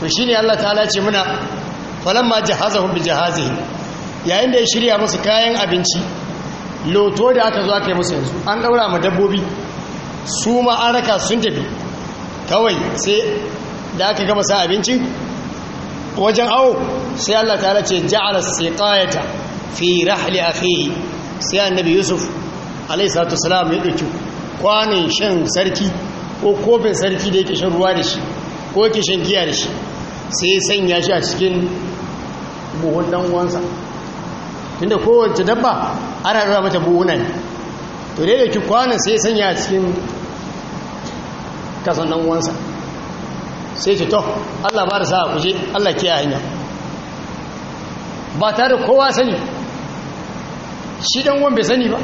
to shi ne allah ta'ala ce muna falamma jahazahum bi jahazihim yayin da ya shirya musu kayan abinci loto da aka zo aka yi musu yanzu an ɗaura ma dabbobi su ma an raka sun tafi kawai sai da aka gama sa abinci wajen awo sai Allah ta ce ja'ala siqayata fi rahli akhihi sai annabi yusuf alayhi salatu wasalam ya dace kwanin shan sarki ko kofin sarki da yake shan ruwa da shi ko yake shan giya da shi sai sanya shi a cikin buhun dan uwansa tunda kowace dabba ana rura mata buhunan to dai da ki kwanin sai sanya a cikin kasan dan uwansa sai ce to Allah ba da sa ku je Allah kiyaye hanya ba tare kowa sani shi dan wanda bai sani ba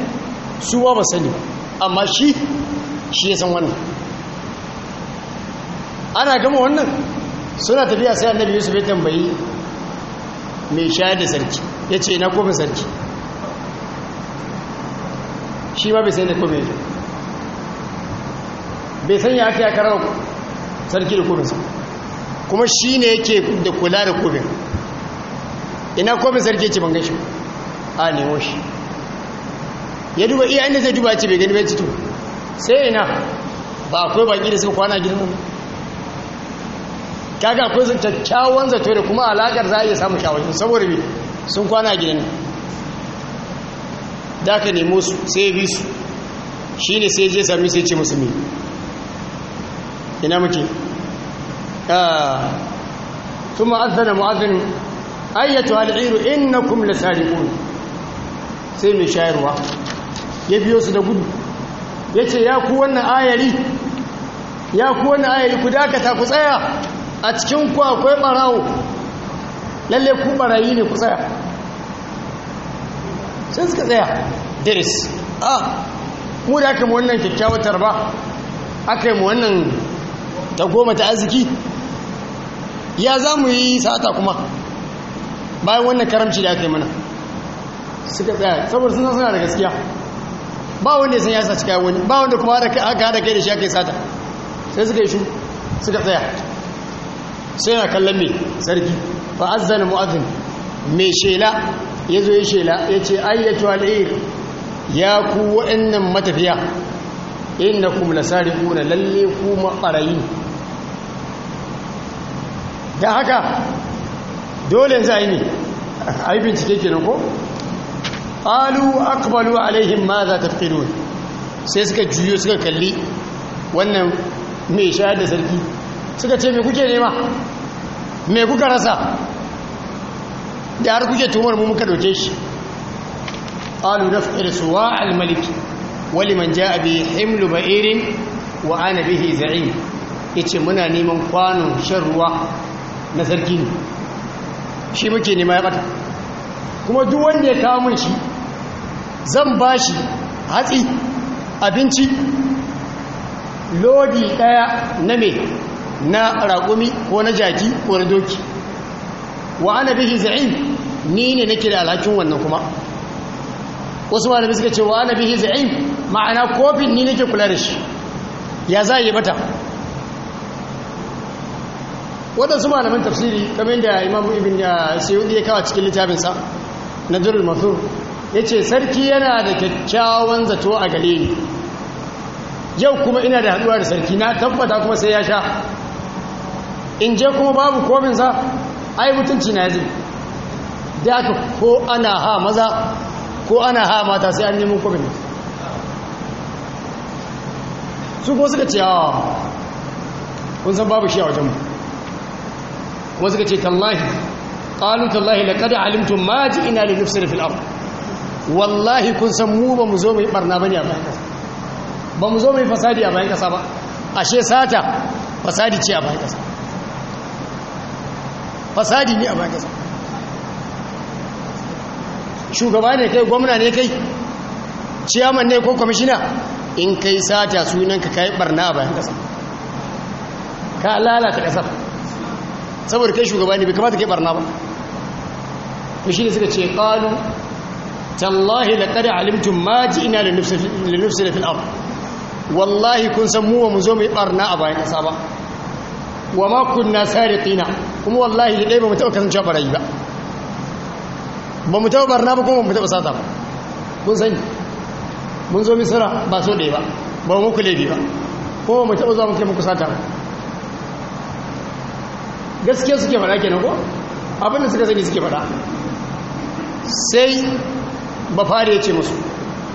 su ba ba sani ba amma shi shi ya san wannan ana gama wannan suna tafiya sai annabi Yusuf ya tambayi me shayar da sarki yace ce ina kofin sarki shi ba bai sai da ko bai sanya ake ya karar sarki da kubinsa kuma shi ne yake da kula da kubin ina kubin sarki ce ban gashi a nemo shi ya duba iya inda zai duba ce bai gani bai sai ina ba akwai baki da suka kwana gidan nan kaga akwai kyakkyawan zato da kuma alakar za a iya samun kyawun saboda bi sun kwana gidan nan da aka nemo su sai ya bi su shi ne sai je sami sai ce musulmi ina muke kuma ah, azana mu'azin أيتها al'iru innakum lasariqun sai mai shayarwa ya biyo su da gudu ya ce ya ku wannan ayari ya ku wannan ayari ku dakata ku tsaya a cikin ku akwai barawo lalle ku barayi ne ku tsaya sai suka tsaya diris a ah, mu da aka mu wannan kyakkyawar tarba aka yi mu wannan Ta goma ta arziki ya za mu yi sata kuma bayan wannan karamci da aka yi mana suka tsaya saboda sun suna da gaskiya ba wanda ya san yasa saci wani ba wanda kuma aka hada kai da shi aka yi sata sai suka yi shu suka tsaya sai na kallon mai sarki fa azzana mu'azin mai shela ya zo ya shela ya ce ayyatu al'ir ya ku waɗannan matafiya lasari kuna lalle kuma maqarayin da haka dole za yi ne a yi bincike kenan ko alu akbalu alaihim ma za ta fi sai suka juyo suka kalli wannan mai shayar da sarki suka ce mai kuke nema mai kuka rasa da har kuke tumar mu muka doke shi Alu na fi suwa almaliki wali man ja abi himlu irin wa ana bihi za'in yace muna neman kwanon shan ruwa na sarki ne shi muke nema ya bata kuma duk wanda ya kawo mun shi zan ba shi hatsi abinci lodi daya na me na raƙumi ko na jaki ko na doki wa ana bihi za'in ni ne nake da alhakin wannan kuma wasu malami suka ce wa ana bihi za'in ma'ana kofin ni nake kula da shi ya za yi bata waɗansu malaman tafsiri kamar da imam ibn uh, sayyidi ya kawo cikin littafinsa na durul mathur ya ce sarki yana da kyakkyawan zato a gare ni yau kuma ina da haɗuwa da sarki na tabbata kuma sai ya sha in je kuma babu kominsa ai mutunci na yazi da aka ko ana ha maza ko ana ha mata sai an nemo komin su ko suka ce yawa kun san babu shi a wajenmu wasu ka ce tallahi qalu tallahi kada alimtun ma ina da nufsir fil ard wallahi kun san mu ba mu zo mai yi barna ne a bayan kasa ba mu zo mai fasadi a bayan kasa ba ashe sata fasadi ce a bayan kasa fasadi ne a bayan kasa shugaba ne kai gwamna ne kai ciyaman ne ko kwamishina in kai sata sunanka kai barna a bayan kasa ka lalata ƙasar saboda kai shugaba ne bai kamata kai barna ba to shine suka ce qalu tallahi laqad alimtum ma ji'na li nufsina fil ard wallahi kun san mu mu zo mu barna a bayan kasa ba wa ma kunna sariqina kuma wallahi dai ba mu kasance barayi ba ba mu barna ba kuma mu sata ba kun mun zo ba so ba ba mu kule ba kuma mu muku sata ba gaskiya suke faɗa kenan ko abin da suka sani suke faɗa sai ba fara ya ce musu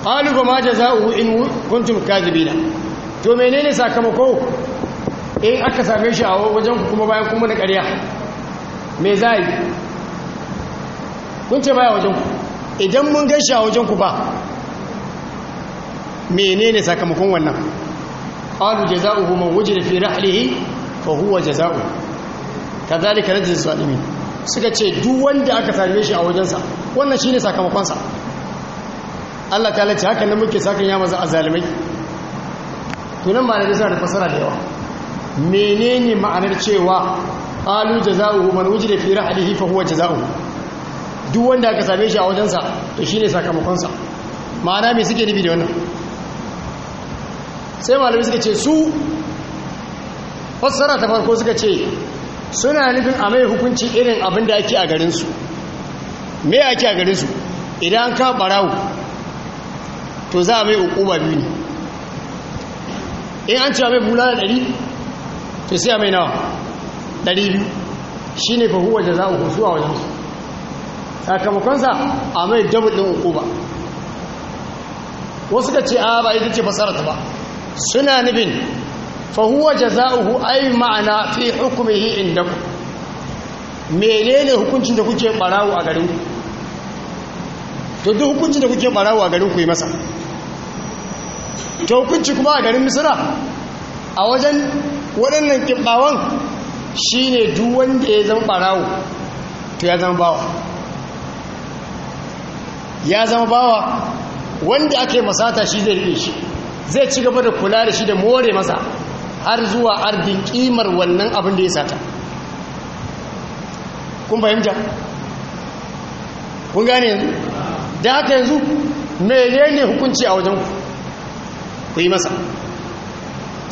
qalu ba ma jazaa'u in kuntum kadibina to menene sakamako in aka same shi a wajen ku kuma bayan kuma na ƙarya me za yi kun ce baya wajen ku idan mun shi a wajen ku ba menene sakamakon wannan qalu jazaa'uhu man wujida fi rahlihi fa huwa jazaa'uhu kazalika najzi zalimin suka ce duk wanda aka same shi a wajensa wannan shine sakamakonsa Allah ta lace haka na muke sakan ya maza a zalimai tunan malamai suna da fasara da yawa menene ma'anar cewa alu jazaohu man wujida fi rahlihi fa huwa jazaohu duk wanda aka same shi a wajensa to shine sakamakonsa ma'ana me suke nufi da wannan sai malamai suka ce su fassara ta farko suka ce suna nufin a mai hukunci irin abin da ake a garinsu me ake a garinsu idan ka barawo to za a mai hukuma biyu ne in an cewa mai bula da ɗari to sai a mai nawa ɗari biyu shi ne fahuwa da za a hukunsu a wajensu sakamakonsa a mai dabudin ɗin hukuma wasu ka ce a ba ita ce fasarata ba suna nufin فهو جزاؤه jaza'uhu معنى ma'ana حكمه عندكم menene hukuncin da kuke barawo a garin ku to duk hukuncin da kuke barawo a garin ku yi masa to hukunci kuma a garin Misira, a wajen waɗannan kibbawan shine duk wanda ya zama barawo to ya zama bawa ya zama bawa wanda ake masata shi zai rike shi zai ci gaba da kula da shi da more masa har zuwa ardin kimar wannan abin da ya sata kun fahimta kun gane yanzu da haka yanzu ne hukunci a wajen ku yi masa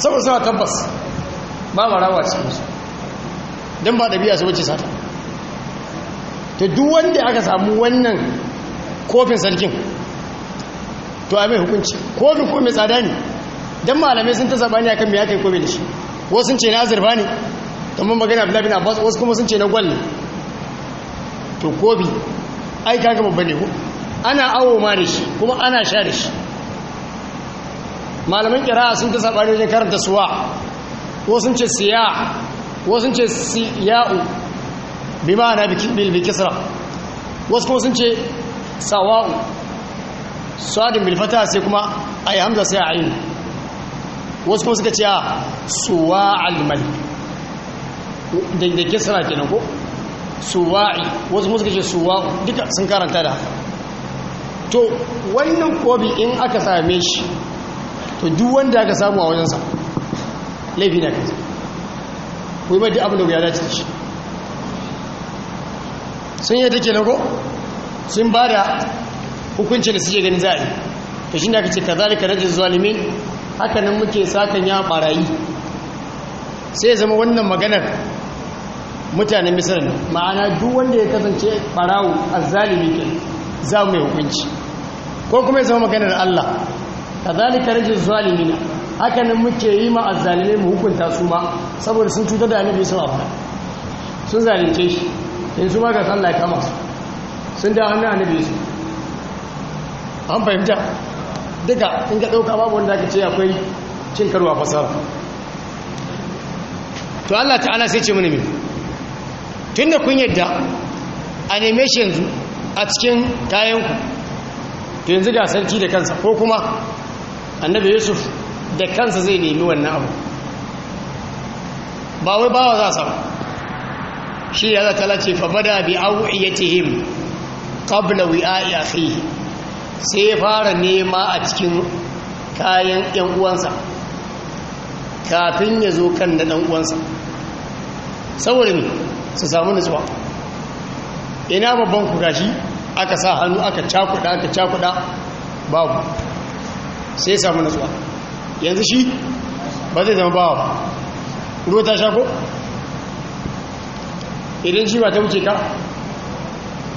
saboda suna tabbas ba marawa cikinsu don ba ɗabi'a su wace sata ta duk wanda aka samu wannan kofin sarkin to a mai hukunci kofin ko mai tsada ne dan malamai sun ta sabani akan me aka yi komai da shi wasu sun ce na azurfa ne kamar magana Abdullahi bin Abbas wasu kuma sun ce na gwalle to kobi ai kaga babba ne ko ana awo ma da shi kuma ana sha da shi malaman kira'a sun ta sabani wajen karanta suwa wasu sun ce siya wasu sun ce siya'u bi ma'ana bil kisra wasu kuma sun ce sawa'u sadin bilfata sai kuma ayi hamza sai yi. wasu kuma suka ce a ah, suwa almal da kisra kenan ko suwa'i wasu kuma suka ce suwa duka sun karanta da to wannan kobi in aka same shi to duk wanda aka samu a wajensa laifi na kai ku yi mai duk abin da ya dace shi sun yi take na ko sun ba da hukuncin da suke ganin za a yi to shi ne aka ce ka zalika rajin zalimin hakanan muke satan ya barayi sai zama wannan maganar mutanen misir ne ma'ana duk wanda ya kasance barawo azzalimi ke za mu yi hukunci ko kuma ya zama maganar Allah kazalika rajul haka hakanan muke yi ma azzalimai mu hukunta su ma saboda sun cutar da annabi sallallahu alaihi wasallam sun zalunce shi yanzu ma ga sallah ya kama su sun da hannun annabi su an fahimta duka in ga ɗauka babu wanda ka ce akwai cin karuwa fasara to Allah ta'ala sai ce mana me tunda kun yadda a neme shi yanzu a cikin kayanku to yanzu ga sarki da kansa ko kuma annabi yusuf da kansa zai nemi wannan abu ba wai bawa za sa shi ya zata lace fa bada bi awiyatihim qabla wi'a'i akhihi sai ya fara nema a cikin kayan ‘yan uwansa kafin ya zo kan da ɗan uwansa saboda ne su samu nutsuwa ina babban kurashi? aka sa hannu aka cakuda aka cakuda babu sai samu nutsuwa yanzu shi ba zai zama bawa ba ruwa ta shako idan shi ba ta wuce ka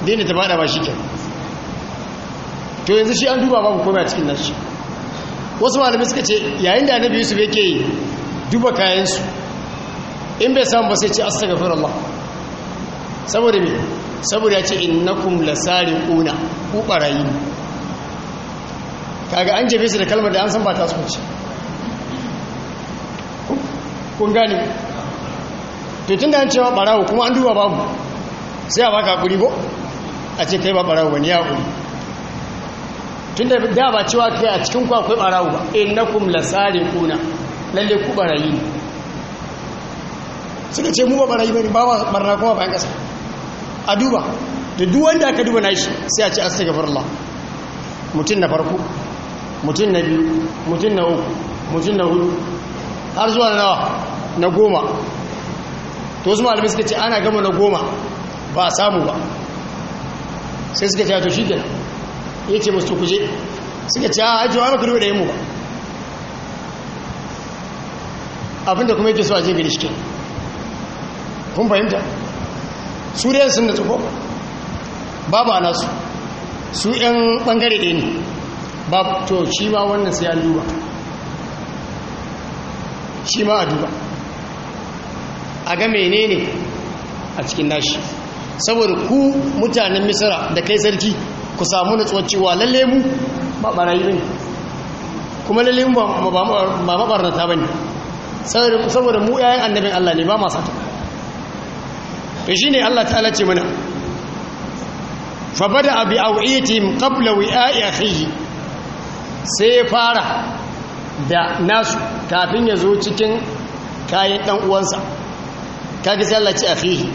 daina ta bada ba shi kenan to yanzu shi an duba babu komai a cikin nashi wasu malamai suka ce yayin da annabi yusuf yake duba kayansu in bai samu ba sai ce astaghfirullah saboda me saboda ya ce innakum lasariquna ko barayi kaga an jefe su da kalmar da an san ba ta su ce kun gane to tunda an cewa barawo kuma an duba babu sai a baka hakuri ko a ce kai ba barawo ne ya hakuri tun da ba cewa kai a cikin ku akwai barawo ba innakum lasariquna lalle ku barayi suka ce mu ba barayi bane ba ba barna kuma ba kasa a duba da duk wanda aka duba nashi sai a ce astaghfirullah mutum na farko mutum na biyu mutum na uku mutum na hudu har zuwa na nawa na goma to su malamai suka ce ana gama na goma ba a samu ba sai suka ce to shi kenan ya ce musu kuje suka ce a ajiye wani ku da yin mu ba abinda kuma yake su a je gari shi kun fahimta su da sun da tsofo babu ana su su yan bangare ɗaya ne babu to shi ma wannan sai an duba shi ma a duba a ga menene a cikin nashi saboda ku mutanen misira da kai sarki ku samu natsuwar cewa lalle mu ba barayi ne kuma lalle mu ba mabarnata ba ne saboda mu yayin annabin Allah ne ba masu ta to shi ne Allah ta'ala ce mana fabada abi au'itihim qabla a khiyi sai fara da nasu kafin ya zo cikin kayan ɗan uwansa kaga sai Allah ce khiyi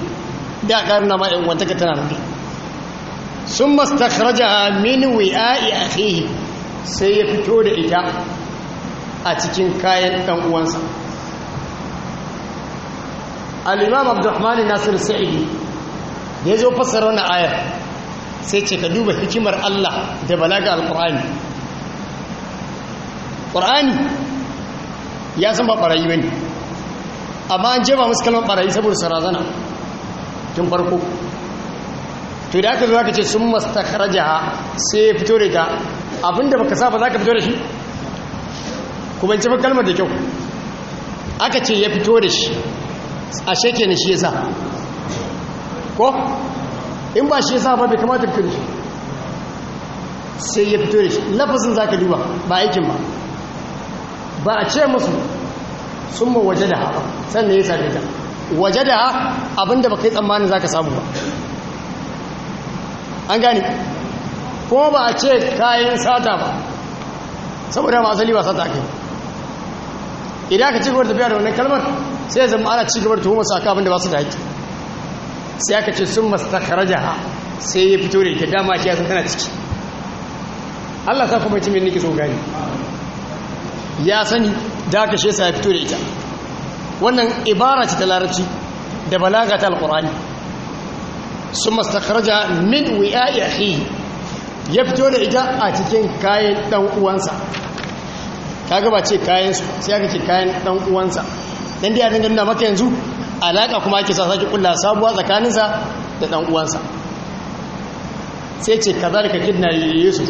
da ƙarnama ma in wanta ka tana sun mastakharaja min wi'a'i akhihi sai ya fito da ita a cikin kayan ɗanuwansa uwansa al-imam abdurrahman nasir sa'idi ya zo fassara wannan ayar sai ce ka duba hikimar Allah da balaga al-qur'ani qur'ani ya san ba barayi amma an jeba musu kalmar barayi saboda sarazana tun farko to da aka zo aka ce sun karaja sai ya fito da ita abinda baka sa ba za ka fito da shi kuma in ci kalmar da kyau aka ce ya fito da shi a sheke ne shi ya sa ko in ba shi ya sa ba bai kamata fito da shi sai ya fito da shi lafazin za ka duba ba aikin ba ba a ce musu sun ma waje da haɓa sannan ya same ta waje da abinda ba kai tsammanin za ka samu ba an gane kuma ba a ce kayan sata ba saboda masu liba ba sata kai idan aka ci gaba da tafiya da wannan kalmar sai zama ana ci gaba da tuhumar saka abin da ba su da haƙƙi sai aka ce sun jaha sai ya fito da ita dama shi ya san tana ciki Allah sa kuma ci min nake so gani ya sani da aka shi ya fito da ita wannan ibara ce ta larabci da balaga ta alqur'ani su mastakaraja min wi'a ahi ya fito da ita a cikin kayan dan uwansa gaba ce kayan su sai aka ce kayan dan uwansa dan dai a da nuna maka yanzu alaƙa kuma ake sa sake kulla sabuwa tsakaninsa da ɗan'uwansa. sai ce ka kidna yusuf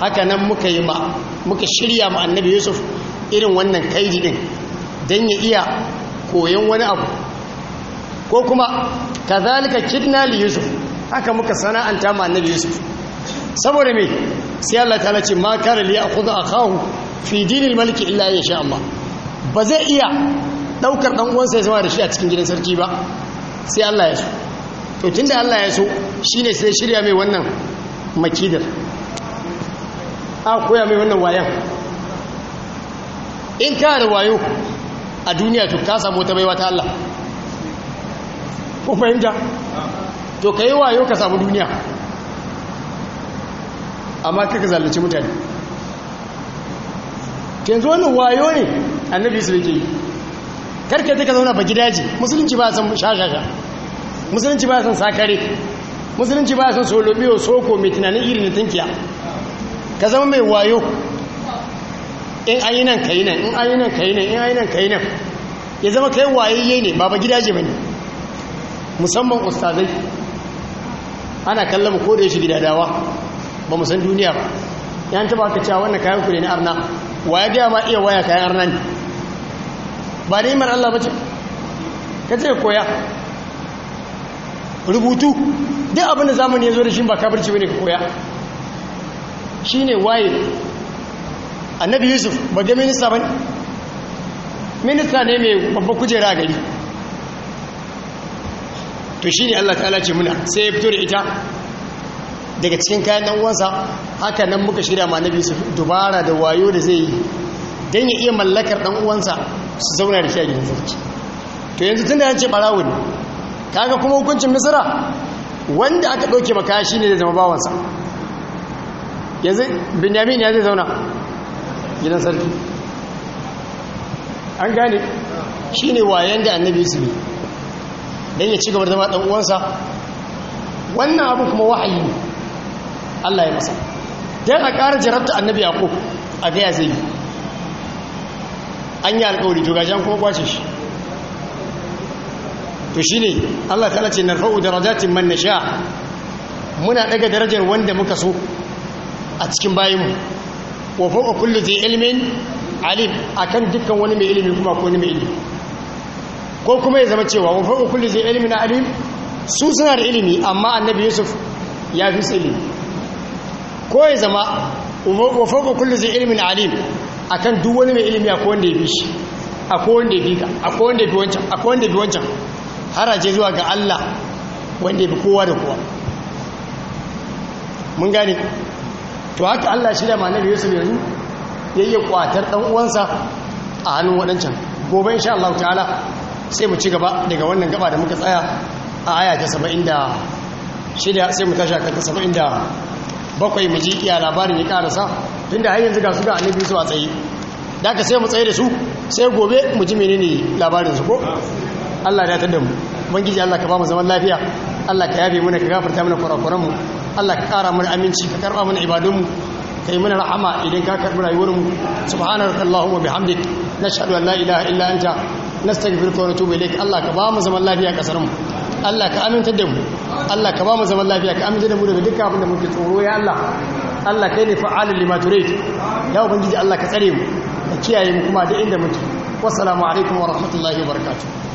haka nan muka yi ma muka shirya ma annabi yusuf irin wannan kaidi din don ya iya koyon wani abu ko kuma zalika kidna li yusuf haka muka sana'anta ma annabi yusuf saboda me sai Allah ta ce ma kare li akhudha akahu fi dinil malik illa ya sha Allah ba zai iya daukar dan uwansa ya zama da shi a cikin gidan sarki ba sai Allah ya so to tunda Allah ya so shine sai shirya mai wannan makidar a koya mai wannan wayan in ka da wayo a duniya to ka samu ta baiwa ta Allah kun fahimta to ka yi wayo ka samu duniya amma kaka zallaci mutane yanzu wani wayo ne annabi su rike yi karka ta ka zauna ba gidaje musulunci ba san shashasha musulunci ba san sakare musulunci ba san solobiyo soko mai tunanin irin na tunkiya ka zama mai wayo in ayi nan ka yi nan in ayi nan ka yi nan in ayi nan ka yi nan ya zama kai wayayye ne ba ba gidaje ba ne musamman ustazai ana kallon ko da yashi gidadawa ba mu san duniya ba yan taba ka cewa wannan kayan ku ne na arna wa ya gaya ma iya waya kayan arna ne ba da iman Allah bace ka ce koya rubutu duk abin da zamani ya zo da shi ba kafirci bane ka koya shine waye annabi yusuf ba ga minista bane minista ne mai babba kujera a gari to shi ne Allah ta'ala ce muna sai ya fito da ita daga cikin kayan ɗan'uwansa haka nan muka shirya ma nabi su dubara da wayo da zai yi don ya iya mallakar ɗan'uwansa uwansa su zauna da shi a gidan sarki to yanzu tun da ce barawo kaga kuma hukuncin misira wanda aka ɗauke maka shine da zama bawansa yanzu benjamin ya zai zauna gidan sarki an gane shine wayan da annabi su ne dan ya ci gaba da uwan uwansa wannan abu kuma wahayi ne Allah ya masa dan a ƙara jarabta annabi yakub a gaya zai yi an yi alƙawari gajan kuma kwace shi to shi ne Allah ta ce na fa'u darajatin man nasha muna ɗaga darajar wanda muka so a cikin bayinmu wa fa'u kullu zai ilimin alim akan dukkan wani mai ilimi kuma ko wani mai ilimi ko kuma ya zama cewa wa fawqa kulli zai ilmin alim su suna da ilimi amma annabi yusuf ya fi su ilimi ko ya zama wa fawqa kulli zai ilmin alim akan duk wani mai ilimi akwai wanda ya bi shi akwai wanda ya bi ka akwai wanda ya bi wancan akwai wanda ya bi wancan haraje zuwa ga Allah wanda ya bi kowa da kowa mun gane to haka Allah shi da ma Annabi Yusuf yanzu ya yi kwatar dan uwansa a hannun waɗancan gobe insha Allah ta'ala sai mu ci gaba daga wannan gaba da muka tsaya a aya ta saba'in da shida sai mu tashi akan ta saba'in da bakwai mu ji iya labarin ya karasa tunda har yanzu ga su ga annabi su a tsaye da aka sai mu tsaye da su sai gobe mu ji menene labarin su ko Allah ya tada mu ubangiji Allah ka ba mu zaman lafiya Allah ka yafe mana ka gafarta mana kurakuran mu Allah ka kara mana aminci ka karba mana ibadun mu kai mana rahama idan ka karbi rayuwar mu wa bihamdik nashhadu an la ilaha illa anta nastaghfiruka wa natubu ilaik Allah ka ba mu zaman lafiya a kasar mu Allah ka aminta da mu Allah ka ba mu zaman lafiya ka aminta da mu daga dukkan abin da muke tsoro ya Allah Allah kai ne fa'alul lima turid ya ubangiji Allah ka tsare mu ka kiyaye mu kuma da inda muke wassalamu alaikum wa rahmatullahi wa barakatuh